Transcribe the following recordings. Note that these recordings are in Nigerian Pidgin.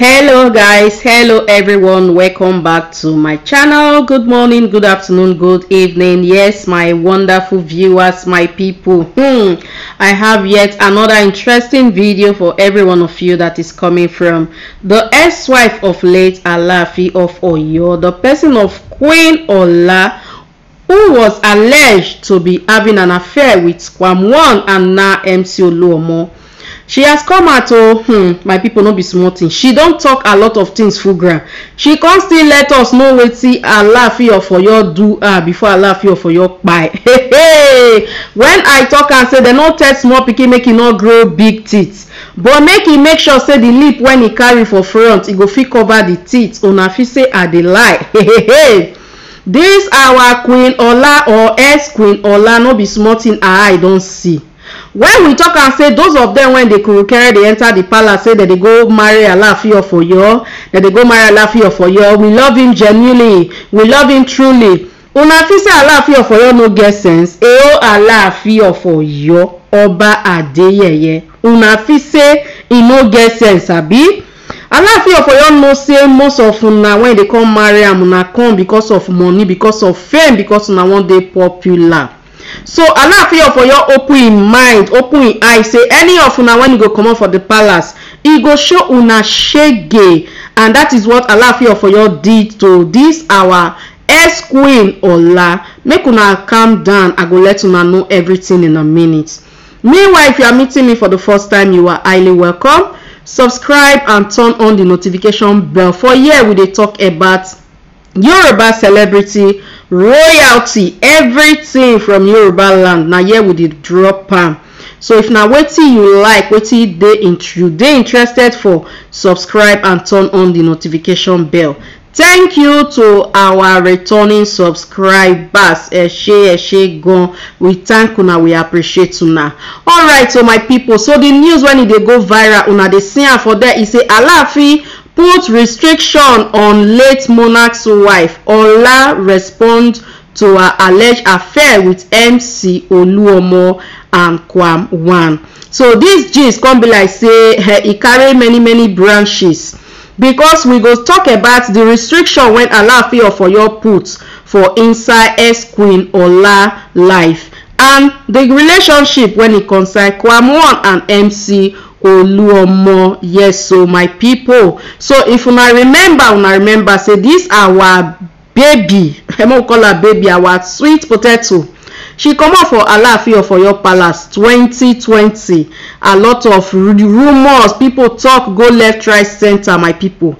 hello guys hello everyone welcome back to my channel good morning good afternoon good evening yes my wonderful viewers my people hmm i have yet another interesting video for every one of you that is coming from the ex-wife of late alafi of oyo the person of queen ola who was alleged to be having an affair with kwam one and now mc oluomo she has come out oh hmm, my people, no be small tin she don talk a lot of things. full ground she con still let us know wetin alaafin of oyo do Ah, before alaafin of oyo kpai hey hey wen i talk am say dem no tell small pikin make e no grow big teeth but make e make sure say the lip wen e carry for front e go fit cover the teeth una fit say i dey lie This our queen ola or ex queen ola no be small tin her eye don see when we talk am say those of them when they dey kurukere dey enter the palace say dem dey go marry alaafi of oyo dem dey go marry alaafi of oyo we love him genuinely we love him truly una fit say alaafi of oyo no get sense eo alaafi of oba ọba adeyeye una fit say e no get sense abi alaafin of oyo know say most of una when dey come marry am una come because of money because of fame because una wan dey popular so Allah alaafin for your open im mind open im eye say any of una wen e go comot for the palace e go show una shege and that is what Allah alaafin for your deed to this our ex queen ola make una calm down i go let una know everything in a minute meanwhile if you are meeting me for the first time you are highly welcome subscribe and turn on the notification bell for here we dey talk about yoruba celebrity royalty everything from yoruba land na here we dey drop am so if na wetin you like wetin you dey interested for subscribe and turn on the notification bell thank you to our returning subscribers ẹṣe ẹṣe gan we thank una we appreciate una alright so my people, so the news wen e dey go viral una dey see am for there e say alaafin put restriction on late monarch's wife ola respond to her alleged affair with mc oluomo and kwam one so dis gist come be like say e carry many many branches because we go talk about the restriction wey alaafin of oyo put for inside S queen ola life and the relationship when e concern kwamwon and mc oluomo yes so my people. so if una remember una remember say dis our baby emo call her baby our sweet potato she comot for alaafin of oyo palace 2020 a lot of rumours people talk, go left right centre my people.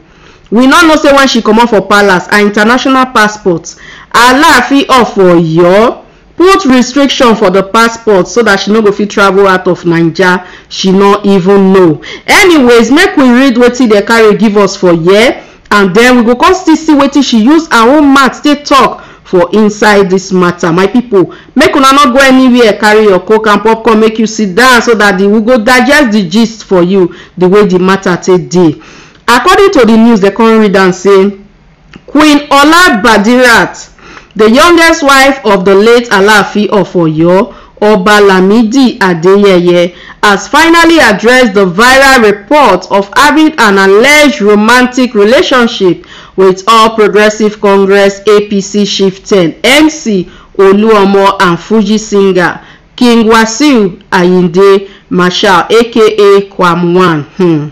we no know say when she comot for palace her international passport alaafin of oyo put restriction for the passport so that she no go fit travel out of naija she no even know anyways make we read wetin dem carry give us for here and then we go come still see wetin she use her own mouth take talk for inside this matter my people. make una no go anywhere carry your coke and popcorn make you sit down so that dat we go digest the gist for you The way the matter take dey according to the news dem come read am say queen ola badirat the youngest wife of the late alaafin of oyo Oba Lamidi Adeyeye has finally addressed the viral report of having an alleged romantic relationship with All Progressive Congress APC Chief Ten MC Oluomo and Fuji singer King Wasiu Ayinde Marshal aka Kwamwan. Hmm.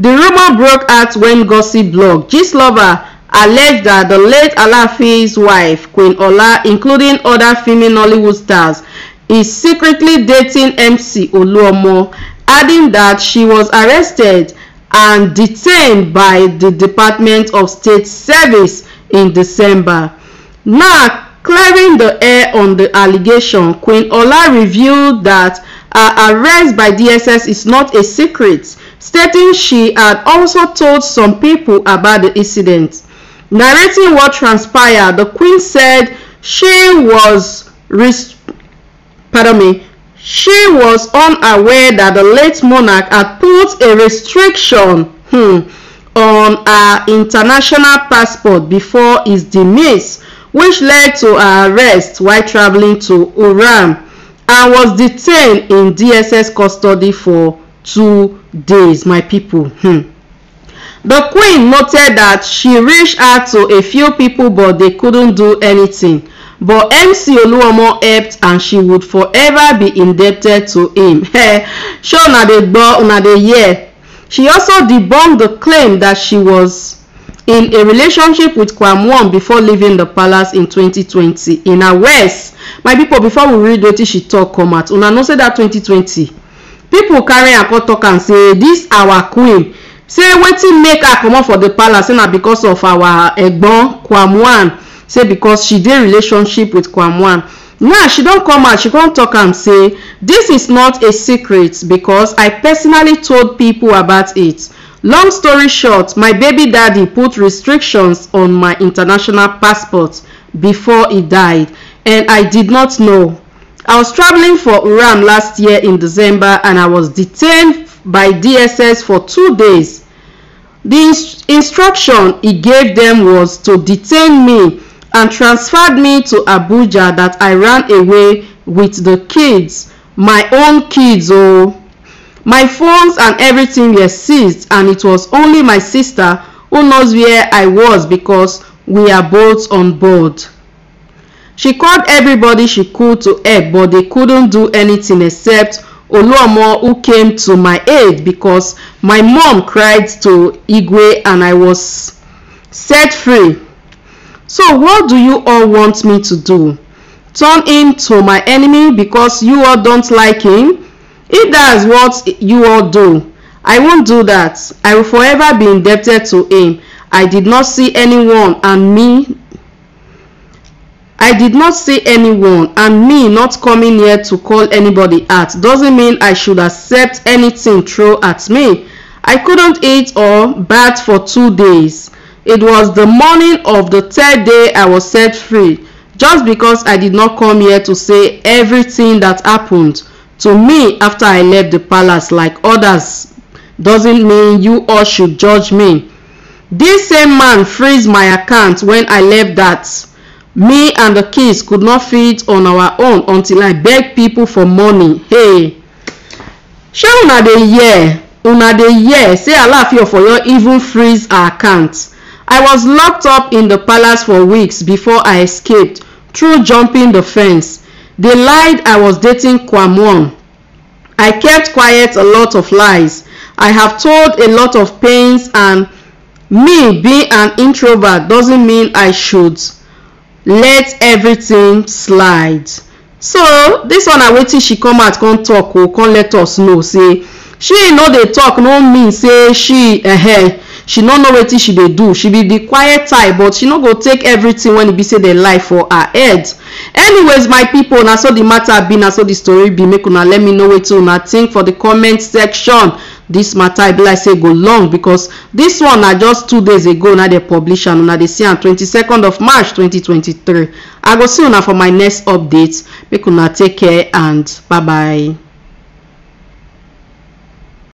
The rumor broke out when gossip blog Gistlover alleged that the late Alaafin's wife, Queen Ola, including other female Nollywood stars, is secretly dating MC Oluomo, adding that she was arrested and detained by the Department of State Service in December. Now, clearing the air on the allegation, Queen Ola revealed that her arrest by DSS is not a secret, stating she had also told some people about the incident. Narrating what transpired, the queen said she was pardon me, she was unaware that the late monarch had put a restriction hmm, on her international passport before his demise, which led to her arrest while traveling to Oran and was detained in DSS custody for two days. My people, hmm. The queen noted that she reached out to a few people but they couldn't do anything. But MC Oluomo helped and she would forever be indebted to him. She also debunked the claim that she was in a relationship with Kwamwon before leaving the palace in 2020. In her words, my people, before we read what she talk come out, una know say that 2020 people carry a come talk am say this our queen say wetin make her comot for the palace say na becos of our egbon kwamwan say because she dey relationship with kwamwan now she don come out she come talk am say this is not a secret because i personally told people about it long story short my baby daddy put restrictions on my international passport before he died and i did not know i was traveling for uram last year in december and i was detained by DSS for two days. The inst instruction he gave them was to detain me and transferred me to Abuja that I ran away with the kids, my own kids. Oh, my phones and everything were seized, and it was only my sister who knows where I was because we are both on board. She called everybody she could to help, but they couldn't do anything except Oluomo who came to my aid because my mom cried to Igwe and I was set free. So what do you all want me to do? Turn him to my enemy because you all don't like him? If that is what you all do, I won't do that. I will forever be indebted to him. I did not see anyone and me I did not see anyone and me not coming here to call anybody out doesn't mean I should accept anything thrown at me. I couldn't eat or bat for two days. It was the morning of the third day I was set free just because I did not come here to say everything that happened to me after I left the palace like others doesn't mean you all should judge me. This same man freeze my account when I left that me and the kids could not feed on our own until i beg people for money hey shey una dey hear una dey hear say alaafin of even freeze her account i was locked up in the palace for weeks before i escaped through jumping the fence they lied i was dating kwamon i kept quiet a lot of lies i have told a lot of pains and me being an introvert doesn't mean i should let everything slide so this one na wetin she come out come talk o come let us know say she no dey talk, no mean say she uh -huh, she no know wetin she dey do she be the quiet type but she no go take everything when e be say dem lie for her head anyways my people na so the matter be na so the story be make una let me know wetin una think for the comment section this matter I e be like say e go long because this one na just two days ago na dey publish and una dey see am 22nd of march 2023 i go see una for my next update make una take care and bye bye.